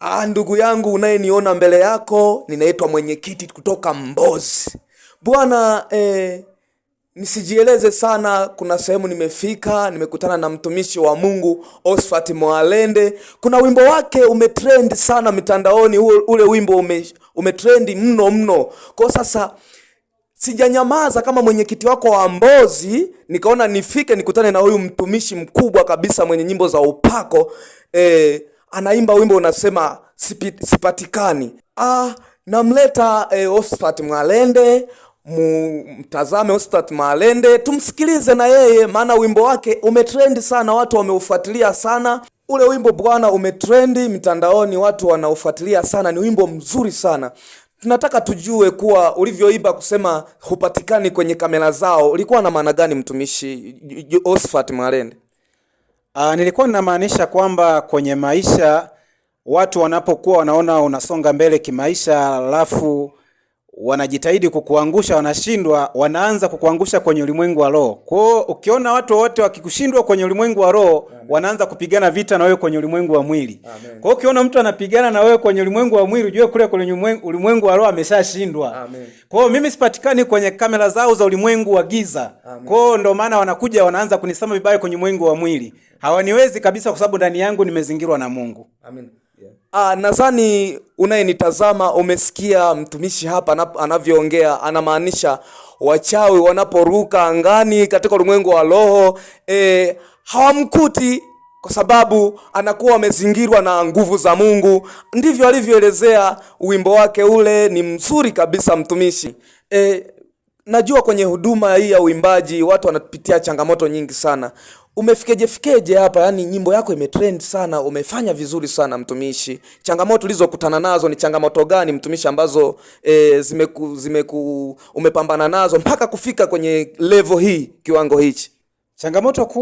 Ah, ndugu yangu unayeniona mbele yako, ninaitwa mwenyekiti kutoka Mbozi bwana. Eh, nisijieleze sana. Kuna sehemu nimefika, nimekutana na mtumishi wa Mungu Osfati Mwalende. Kuna wimbo wake umetrend sana mitandaoni, ule wimbo ume, umetrendi mno mno. Kwa sasa sijanyamaza kama mwenyekiti wako wa Mbozi, nikaona nifike nikutane na huyu mtumishi mkubwa kabisa mwenye nyimbo za upako eh, anaimba wimbo unasema sipatikani. Ah, namleta eh, Osfat Mwalende mtazame Ostat Malende, tumsikilize na yeye, maana wimbo wake umetrendi sana, watu wameufuatilia sana ule wimbo bwana, umetrendi mitandaoni, watu wanaufuatilia sana. Ni wimbo mzuri sana. Tunataka tujue kuwa ulivyoiba kusema hupatikani kwenye kamera zao ulikuwa na maana gani, mtumishi Osfat Malende? Uh, nilikuwa ninamaanisha kwamba kwenye maisha watu wanapokuwa wanaona unasonga mbele kimaisha alafu wanajitahidi kukuangusha, wanashindwa, wanaanza kukuangusha kwenye ulimwengu wa roho. Kwa hiyo ukiona watu wote wakikushindwa kwenye ulimwengu wa roho, wanaanza kupigana vita na wewe kwenye ulimwengu wa mwili. Kwa hiyo ukiona mtu anapigana na wewe kwenye ulimwengu wa mwili, ujue kule kwenye ulimwengu wa roho ameshashindwa. Kwa hiyo mimi sipatikani kwenye kamera zao za ulimwengu wa giza. Kwa hiyo ndio maana wanakuja wanaanza kunisema vibaya kwenye ulimwengu wa mwili, hawaniwezi kabisa, kwa sababu ndani yangu nimezingirwa na Mungu. Amen yeah. Ah, nadhani unayenitazama umesikia mtumishi hapa anavyoongea, anamaanisha wachawi wanaporuka angani katika ulimwengu wa roho e, hawamkuti kwa sababu anakuwa amezingirwa na nguvu za Mungu. Ndivyo alivyoelezea wimbo wake ule, ni mzuri kabisa mtumishi. E, najua kwenye huduma hii ya uimbaji watu wanapitia changamoto nyingi sana umefikejefikeje hapa? Yani nyimbo yako imetrend sana, umefanya vizuri sana mtumishi. Changamoto ulizokutana nazo ni changamoto gani mtumishi, ambazo e, zimeku, zimeku, umepambana nazo mpaka kufika kwenye level hii, kiwango hichi? Changamoto kubwa